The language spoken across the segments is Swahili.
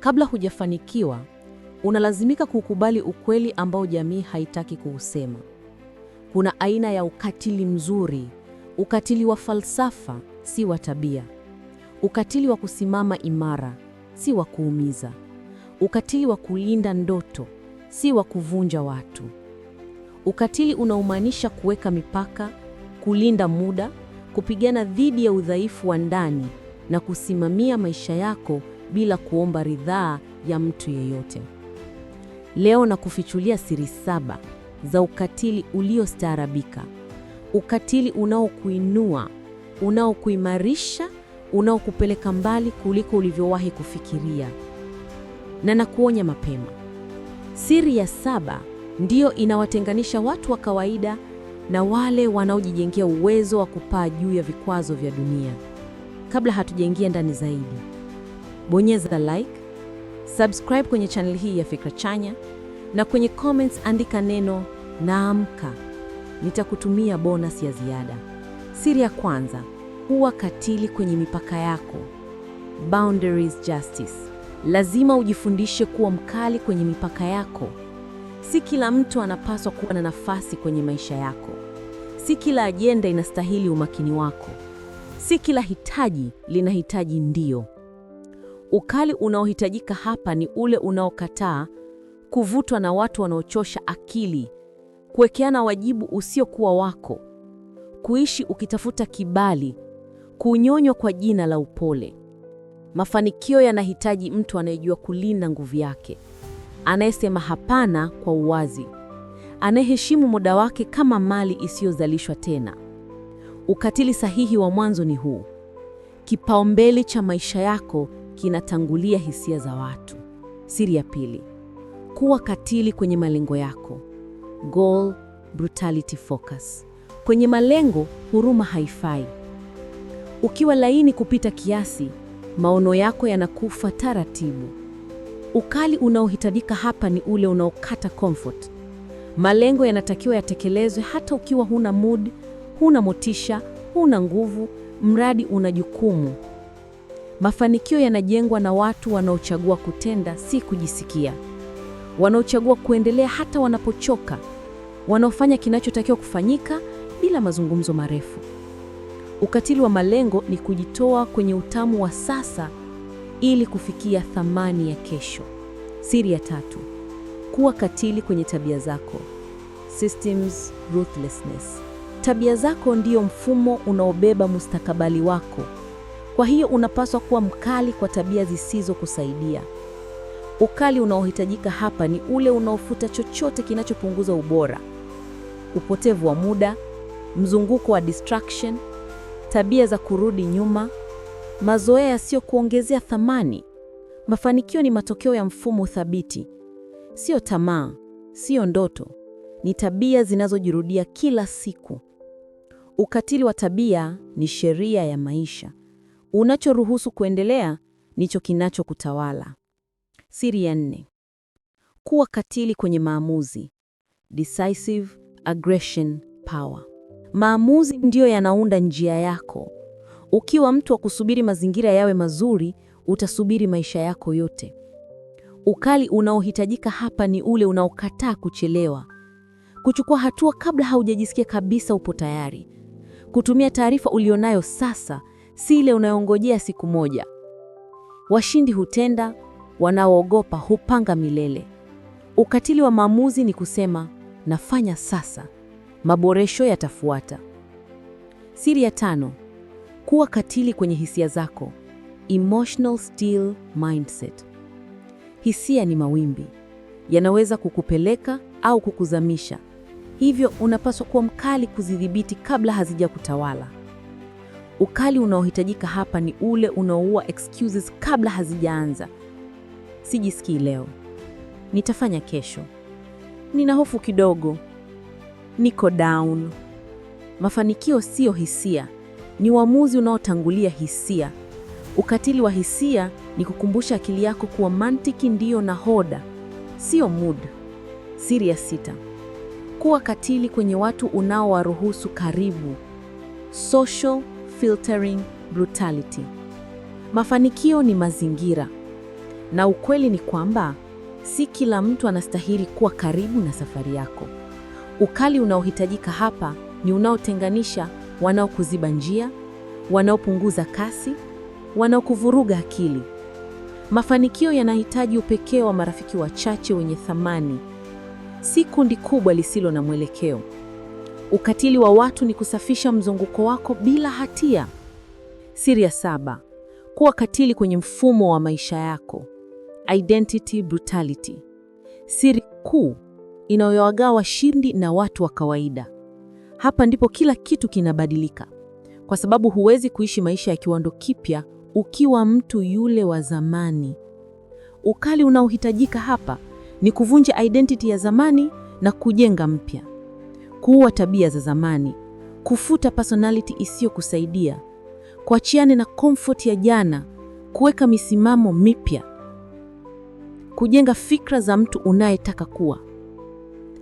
Kabla hujafanikiwa, unalazimika kukubali ukweli ambao jamii haitaki kuusema. Kuna aina ya ukatili mzuri, ukatili wa falsafa, si wa tabia, ukatili wa kusimama imara, si wa kuumiza, ukatili wa kulinda ndoto, si wa kuvunja watu. Ukatili unaumaanisha kuweka mipaka, kulinda muda, kupigana dhidi ya udhaifu wa ndani na kusimamia maisha yako bila kuomba ridhaa ya mtu yeyote. Leo nakufichulia siri saba za ukatili uliostaarabika, ukatili unaokuinua, unaokuimarisha, unaokupeleka mbali kuliko ulivyowahi kufikiria. Na nakuonya mapema, siri ya saba ndiyo inawatenganisha watu wa kawaida na wale wanaojijengea uwezo wa kupaa juu ya vikwazo vya dunia. Kabla hatujaingia ndani zaidi bonyeza like, subscribe kwenye channel hii ya Fikra Chanya na kwenye comments andika neno naamka. Nitakutumia bonus ya ziada. Siri ya kwanza, huwa katili kwenye mipaka yako. Boundaries justice. Lazima ujifundishe kuwa mkali kwenye mipaka yako. Si kila mtu anapaswa kuwa na nafasi kwenye maisha yako. Si kila ajenda inastahili umakini wako. Si kila hitaji linahitaji ndio. Ukali unaohitajika hapa ni ule unaokataa kuvutwa na watu wanaochosha akili, kuwekeana wajibu usiokuwa wako, kuishi ukitafuta kibali, kunyonywa kwa jina la upole. Mafanikio yanahitaji mtu anayejua kulinda nguvu yake, anayesema hapana kwa uwazi, anayeheshimu muda wake kama mali isiyozalishwa tena. Ukatili sahihi wa mwanzo ni huu: kipaumbele cha maisha yako kinatangulia hisia za watu. Siri ya pili: kuwa katili kwenye malengo yako, goal brutality focus. Kwenye malengo, huruma haifai. Ukiwa laini kupita kiasi, maono yako yanakufa taratibu. Ukali unaohitajika hapa ni ule unaokata comfort. Malengo yanatakiwa yatekelezwe hata ukiwa huna mood, huna motisha, huna nguvu, mradi una jukumu. Mafanikio yanajengwa na watu wanaochagua kutenda, si kujisikia, wanaochagua kuendelea hata wanapochoka, wanaofanya kinachotakiwa kufanyika bila mazungumzo marefu. Ukatili wa malengo ni kujitoa kwenye utamu wa sasa ili kufikia thamani ya kesho. Siri ya tatu: kuwa katili kwenye tabia zako, systems ruthlessness. Tabia zako ndiyo mfumo unaobeba mustakabali wako. Kwa hiyo unapaswa kuwa mkali kwa tabia zisizokusaidia. Ukali unaohitajika hapa ni ule unaofuta chochote kinachopunguza ubora: upotevu wa muda, mzunguko wa distraction, tabia za kurudi nyuma, mazoea yasiyo kuongezea thamani. Mafanikio ni matokeo ya mfumo thabiti, sio tamaa, sio ndoto, ni tabia zinazojirudia kila siku. Ukatili wa tabia ni sheria ya maisha. Unachoruhusu kuendelea ndicho kinachokutawala. Siri ya nne: kuwa katili kwenye maamuzi, decisive aggression power. Maamuzi ndiyo yanaunda njia yako. Ukiwa mtu wa kusubiri mazingira yawe mazuri, utasubiri maisha yako yote. Ukali unaohitajika hapa ni ule unaokataa kuchelewa, kuchukua hatua kabla haujajisikia kabisa upo tayari, kutumia taarifa ulionayo sasa si ile unayongojea siku moja. Washindi hutenda, wanaoogopa hupanga milele. Ukatili wa maamuzi ni kusema nafanya sasa, maboresho yatafuata. Siri ya tano: kuwa katili kwenye hisia zako, emotional steel mindset. Hisia ni mawimbi, yanaweza kukupeleka au kukuzamisha, hivyo unapaswa kuwa mkali kuzidhibiti kabla hazijakutawala. Ukali unaohitajika hapa ni ule unaoua excuses kabla hazijaanza. Sijisikii leo, nitafanya kesho, nina hofu kidogo, niko down. Mafanikio sio hisia, ni uamuzi unaotangulia hisia. Ukatili wa hisia ni kukumbusha akili yako kuwa mantiki ndiyo nahoda, sio mood. Siri ya sita: kuwa katili kwenye watu unaowaruhusu karibu. Social filtering brutality. Mafanikio ni mazingira, na ukweli ni kwamba si kila mtu anastahili kuwa karibu na safari yako. Ukali unaohitajika hapa ni unaotenganisha wanaokuziba njia, wanaopunguza kasi, wanaokuvuruga akili. Mafanikio yanahitaji upekee wa marafiki wachache wenye thamani, si kundi kubwa lisilo na mwelekeo. Ukatili wa watu ni kusafisha mzunguko wako bila hatia. Siri ya saba: kuwa katili kwenye mfumo wa maisha yako, identity brutality. Siri kuu inayowagawa washindi na watu wa kawaida. Hapa ndipo kila kitu kinabadilika, kwa sababu huwezi kuishi maisha ya kiwango kipya ukiwa mtu yule wa zamani. Ukali unaohitajika hapa ni kuvunja identity ya zamani na kujenga mpya kuua tabia za zamani, kufuta personality isiyokusaidia, kuachiane na comfort ya jana, kuweka misimamo mipya, kujenga fikra za mtu unayetaka kuwa.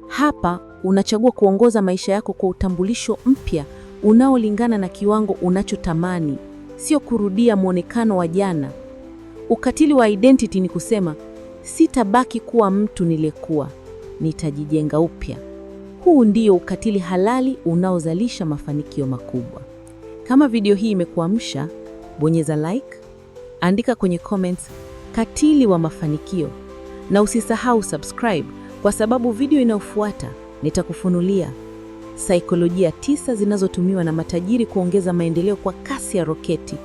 Hapa unachagua kuongoza maisha yako kwa utambulisho mpya unaolingana na kiwango unachotamani, sio kurudia mwonekano wa jana. Ukatili wa identity ni kusema sitabaki kuwa mtu niliyekuwa, nitajijenga upya. Huu ndio ukatili halali unaozalisha mafanikio makubwa. Kama video hii imekuamsha, bonyeza like, andika kwenye comments katili wa mafanikio, na usisahau subscribe, kwa sababu video inayofuata nitakufunulia saikolojia tisa zinazotumiwa na matajiri kuongeza maendeleo kwa kasi ya roketi.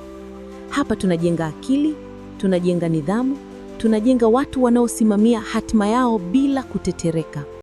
Hapa tunajenga akili, tunajenga nidhamu, tunajenga watu wanaosimamia hatima yao bila kutetereka.